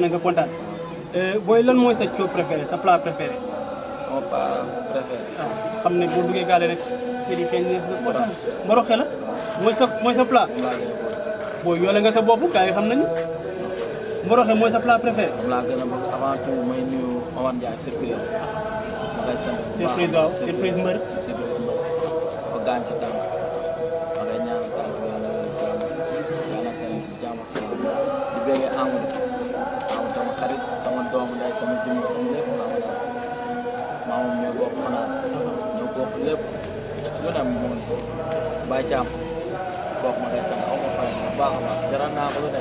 na nga kontaan booy lan mooy sa coow préféré sa plat préféré. sama plat préféré. ah xam ne boo duggee gaale rek fii di xeeñ neex nga kontaan mboroxe la mooy sa mooy sa plat. boo yoole nga sa bopp gars yi xam nañu mboroxe mooy sa plat préféré. moom laa gën a bëgg avant tout may nuyu Omar Ndiaye surprise. ma lay sant surprise waaw surprise mbër. surprise mbër ba gaañ ci tànk. sama sama sama lépp maa moom ñoo bokk fanaan ñoo bokk lépp lu ne moom Baye Thiam kooku ma koy sant aw ma fay bu baax a baax jaral naa ko lu ne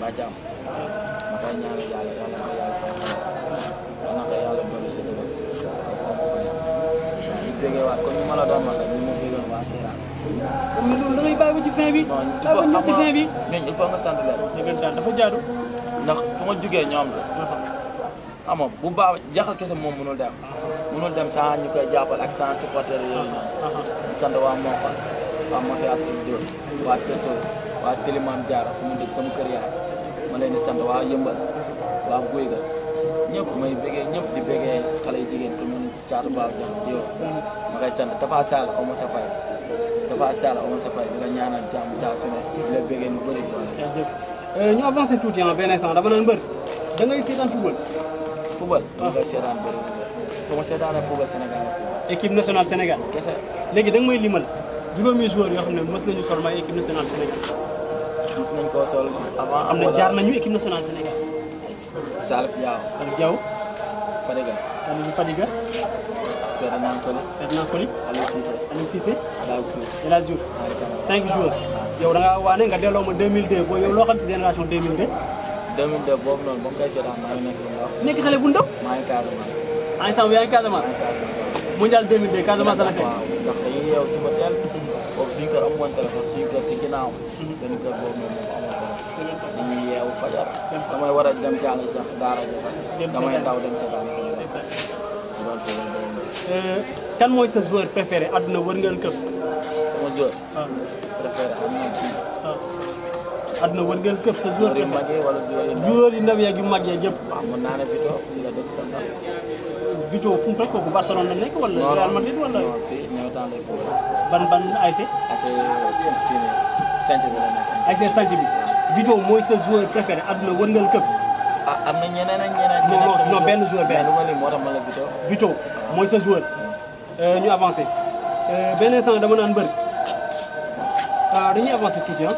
Baye Thiam ma koy ñaanal yàlla yàlla ko yàlla fay yàlla ko yàlla bëri si dëgg aw ma fay ñu déggee waat kon ñu ma la doon wax rek ñu ma déggoon waa Seras comme ni loolu da ngay bàyyi ba ci fin bi. bàyyi ba ñëw ci fin bi. mais il faut nga sant leen. dafa jaadu. ndax su ma jugee ñoom la. xam nga bu baax jaxal kese moom mënul dem mënul dem sans ñu koy ak sans supporter yooyu noonu di mo waa Mofa waa Mafia ak Diop waa Pesso waa Télimane Diar fu mu dëkk sama kër yaay ma leen di sant waa Yëmbal waa Guy ga ñëpp may bégee ñëpp di bégee xale yu jigéen comme ñun caatu baaw jax yow ma koy sant Tafa Sall aw sa fay Tafa Sall aw sa fay di la ñaanal jàmm saa su ne di la bégee lu bëri doole ñu avancé tuuti ah da ngay football football mu ngi seetaan bëri su ma seetaanee football Sénégal la football. équipe nationale Sénégal. kese léegi da nga may limal juróomi joueur yoo xam ne mës nañu sol may équipe nationale Sénégal. mës nañu koo sol avant. am na jaar nañu équipe nationale Sénégal. Salif Diao. Salif Diao. Fadiga. Aliou Fadiga. Ferdinand Coly. Ferdinand Coly. Aliou Cissé. Aliou Cissé. El Hadj Diouf. El Hadj Diouf. cinq joueurs. yow da ngaa waane nga delloo ma 2002 boo yow loo xam ci génération 2002. 2002 boobu noonu ba mu koy seetaan maa ngi nekk lu ndaw. nekk xale bu ndaw. maa ngi Casamance. boobu suñu kër amoon téléphone suñu kër si ginnaaw. Mhm. benn kër boobu noonu moom amoon a aduna wërngël këpp sa joueur yi mag wala joueur yi ndaw yeeg yu mag yeeg yëpp waaw mën naa ne Vito fii la dëkk sant Vito fu mu toj kooku Barcelone la nekk wala Real Madrid wala fii nawetaan lay ban ban ay ASC fii ne sant bi la nekk ASC sant bi Vito moy sa joueur préféré aduna wërngël këpp ah, am na ñeneen ak ñeneen non non benn joueur benn moo tax ma la Vito Vito moy sa joueur euh ñu avancer euh ben instant dama naan mbër a euh, dañuy avancer tuuti ah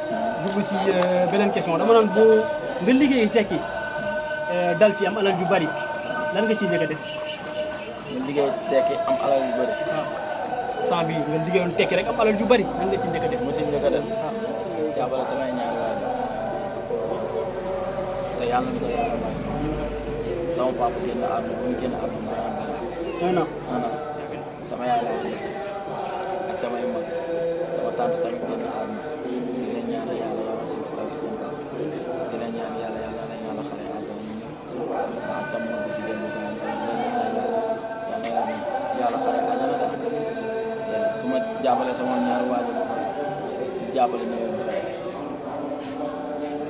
dugg ci euh, beneen question dama naan boo nga liggéey tekki euh, dal ci am alal ju bari lan nga ciy njëkk def. nga liggéey tekki am alal ju bari. waaw ah. temps tekki rek am alal ju bari lan nga ciy njëkk def. mosu njëkk a def waaw ah. jaabale samay ñaar te yàlla na ko yàlla may sama papa génn àdduna bu mu génn àdduna ma am dara. un an un an sama yaay laa ak samay mag. tant tamit génn àdduna di la ñaan di la ñaan yàlla yàlla na yàlla a sama ñaari waajur ba di jàppale ñu yoon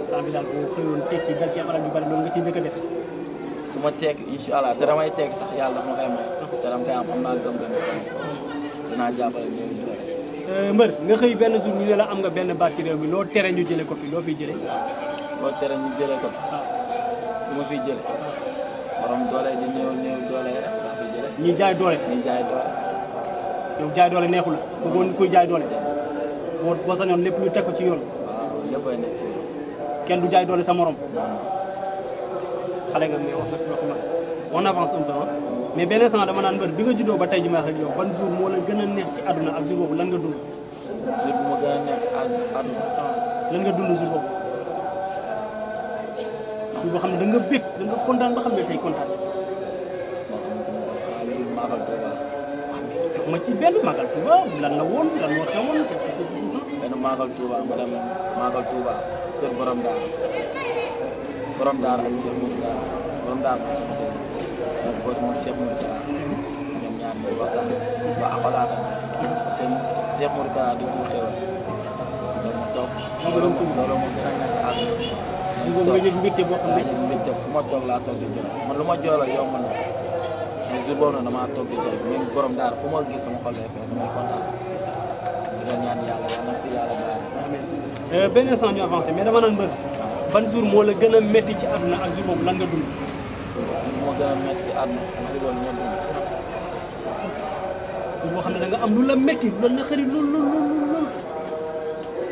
saa bu xëyoon tekki dal ci amaram yu bari loolu nga ci njëkk a def su ma tekki incha allah te damay ma koy may ah. te dama koy am naa gëm-gëm dinaa jàppale Euh, mbër nga xëy benn jour ñu ne la am nga benn baat ci réew mi loo tere ñu jële ko fi loo fiy jëlee. loo tere ñu jëlee ko fi. waaw ah. lu ma fiy doole di néew néew doole rek jaay doole ñuy jaay doole. neexul la ko kuy jaay doole boo boo sañoon lépp ñu teg ko ci yoon. kenn du jaay doole sa morom. xale nga mais wax fi wax na on avance un peu mais benn sens dama naan mbër bi nga juddoo ba tey ji ma wax ak yow ban jour moo la gën a neex ci àdduna ak jour boobu lan nga dund. jour a neex ah, nga dund jour boobu. jour xam ne da nga bég da nga kontaan ba xam ne tey kontaan. Ah, ah, jox ma ci benn Magal lan nga woon lan moo xewoon te ko ci benn Magal Touba ma dem Magal Touba kër Borom Daar Borom Daar ak Cheikh Moussa Borom Daar bëri a ma toog laa toog di man lu ma joola yomb na mais jour boobu nag damaa toog di jël borom daara fu ma gis sama xol lay fees sama kontaan di ko ñaan yàlla euh, benn instant ñu avancé mais dama naan mbër ban jour moo la gën a métti ci àdduna ak jour boobu lan nga dund gën a métti si àdduna musiba xam ne da nga am lu la métti loolu la xëri lool lool lool lool.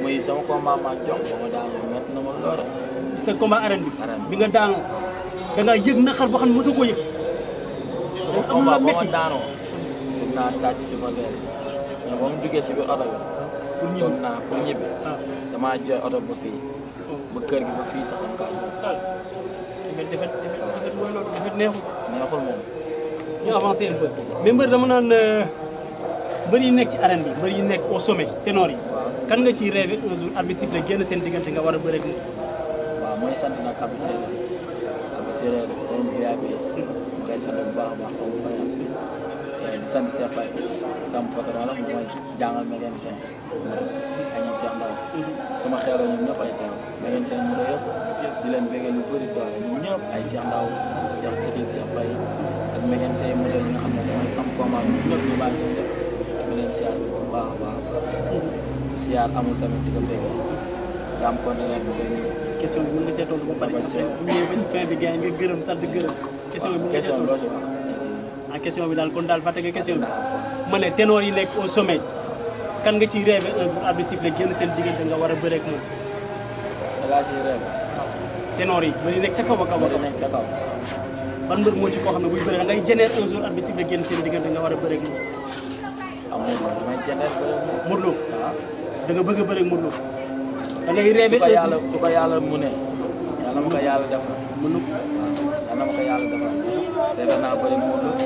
muy sama combat ma jom ba ma daanu métti na ma bi. nga daanoo da ngaa yëg naqar boo xam ne mosoo ko yëg. sama combat ba ma daanoo. tur naa ah. oto ba fii. Oh. ba kër gi ba fii sax am mais defet defet defet mooy moom. ñu avancé un peu mais mbër dama naan euh, mbër yi nekk ci arène bi mbër yi nekk au sommet ténor yi. kan nga ciy rêvé un jour arbitre sifflé génn seen diggante nga war a bëreeg nit. waaw mooy sant nag Abdou Séréer Abdou Séréer borom VIP. mu koy sant bu baax a baax di sant Cheikh Faye sama patron la moom mooy jàngal ma leen seen ay ñoom Cheikh Ndao mm-hmm. suma xeeroo ñoom ñëpp ay teew ma leen seen mu doy yëpp di leen béggee lu bëri doole ñoom ñëpp ay Cheikh Ndao Cheikh Titi Cheikh Faye ak ma leen seen mu doy ñi nga xam ne damay am combat ñoom ñëpp ñu baax seen def ma leen siyaar bu baax a baax mm-hmm. siyaar amul tamit di ko béggee daam kon bu koy question bi mën nga cee bu ñëwee ba fin bi nga gërëm sant gërëm ah, question bi mën question bi daal kon daal fàtte nga question bi ma ne ténor yi nekk au sommet kan nga ciy rêvé un jour arbitre sifflé génn seen diggante nga war a bëreeg moom. laa ciy rêvé. ténor yi ba ñu nekk ca kaw a kaw ca kaw. ban mbër moo ci koo xam ne buy bëree da ngay jëneer un jour arbitre sifflé génn seen diggante nga war a bëreeg ah, ah. da bëgg a bëreeg Modou Lo. da yàlla mu mu ko yàlla def na. mënu ko yàlla def ah, na. defe naa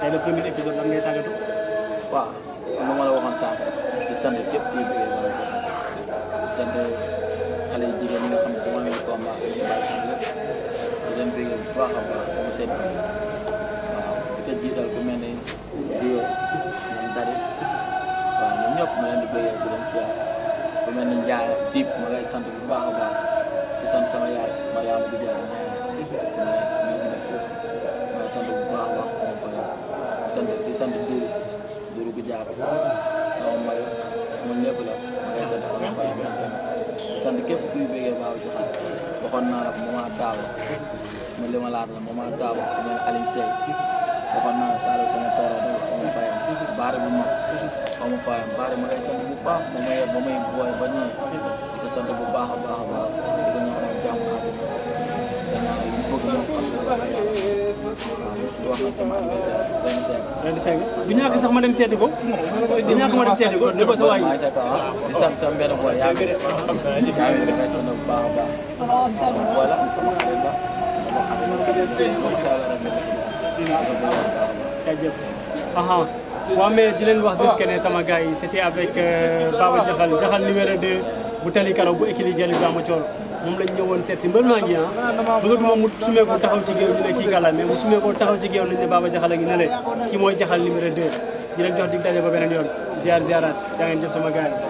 tey le premier épisode lan ngay tàggatu. waaw comme ma la waxoon sànq di sant képp kuy bëggee ba la di sant xale yu jigéen ñi nga xam ne su ma leen combat ak ñu bàyyi sant ku mel ni Dio ñoom Dari waaw ñoom ñëpp ma leen di bëggee di leen ku mel ni Ndiaye Dip ma lay sant bu baax a baax di sant sama yaay Mariama di Diagne. tamit di sant Dourou Dourou gu jaar sama mari sama lépp la ngay sant am na fayam di sant képp kuy bëggee Baaba Jaxaar waxoon naa la maman Taaba ma li ma laat la maman Taaba ku mel Aliou Seye waxoon naa la Saloum sama tool la am fayam baare bu mag am fayam baare ma ngay sant bu baax ma may ma may booy ba nii di ko sant bu baax a baax a baax di ko ñaanal jàmm ak danaa lu bëgg ñoom xam wax ak sama adversaire benn seeg. benn seeg du ñàkk sax ma dem seeti ko. du ñàkk ma dem seeti ko ne ko sa waay. Ah. di sant sama benn boy yaa ngi yaa ngi resté na bu baax a baax. sama boy la sama xarit la sama xarit la incha allah rek jaajëf. waaw mais di leen wax juste que ne sama gars yi c'était avec euh, Baba Diakhal Diakhal numéro 2 bu Tali Karo bu équilibre Jali Ba Mathiol. moom lañ ñëwoon seet si mbër maa ngi ah bëggatu moom mu sumeeku taxaw ci géew ñu ne kii gàlla mais mu sumeekoo taxaw ci géew nañ ne Baba Jaxal a ngi ne le kii mooy jaxal numéro 2 di leen jox dig daje ba beneen yoon ziar ziarat yaa ngeen sama gars yi